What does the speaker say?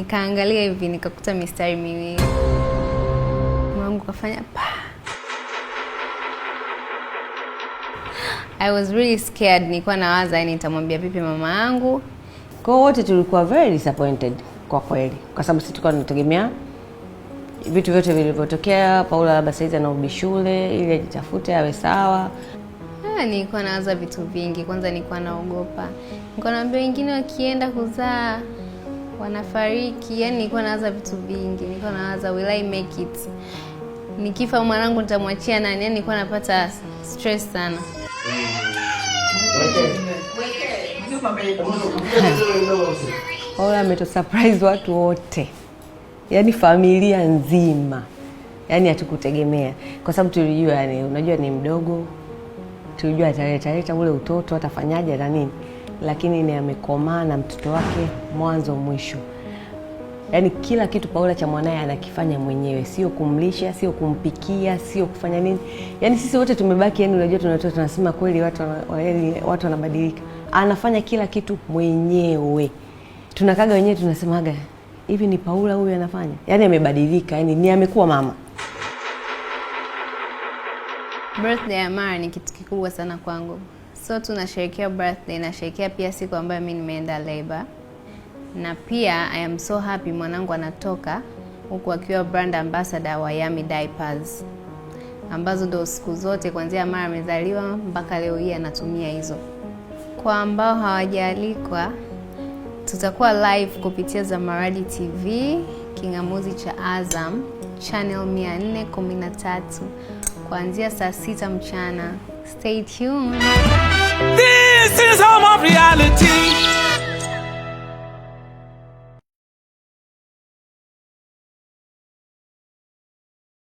nikaangalia hivi nikakuta mistari miwili, mwangu kafanya pa. I was really scared, nilikuwa nawaza yani nitamwambia vipi mama yangu. Kwa wote tulikuwa very disappointed kwa kweli, kwa sababu sisi tulikuwa tunategemea vitu vyote vilivyotokea. Paula labda saizi anarudi shule ili ajitafute awe sawa. Ah, nilikuwa nawaza vitu vingi. Kwanza nilikuwa naogopa, nilikuwa naambia wengine wakienda kuzaa wanafariki. Yani nilikuwa nawaza vitu vingi, nilikuwa nawaza will I make it, nikifa mwanangu nitamwachia nani? Yani nilikuwa napata stress sana. Ola ameto surprise watu wote, yani familia nzima, yani hatukutegemea kwa sababu tulijua, yani unajua ni mdogo, tulijua ataleta leta ule utoto atafanyaje na nini lakini ni amekomaa na mtoto wake mwanzo mwisho. Yaani kila kitu Paula cha mwanaye anakifanya mwenyewe, sio kumlisha, sio kumpikia, sio kufanya nini. Yaani sisi wote tumebaki, yani unajua, tunatoa tunasema kweli, watu yaani watu wanabadilika. Anafanya kila kitu mwenyewe, tunakaga wenyewe, tunasemaga hivi, ni Paula huyu anafanya. Yaani amebadilika, yani ni amekuwa mama. Birthday ya Mara ni kitu kikubwa sana kwangu so tunasherekea birthday, nasherekea pia siku ambayo mi nimeenda labor, na pia I am so happy mwanangu anatoka huku akiwa brand ambassador wa yami Diapers ambazo ndo siku zote kuanzia mara amezaliwa mpaka leo hii anatumia hizo. Kwa ambao hawajaalikwa, tutakuwa live kupitia Zamaradi TV, king'amuzi cha Azam channel 413 kuanzia saa sita mchana. Stay tuned. This is home of reality.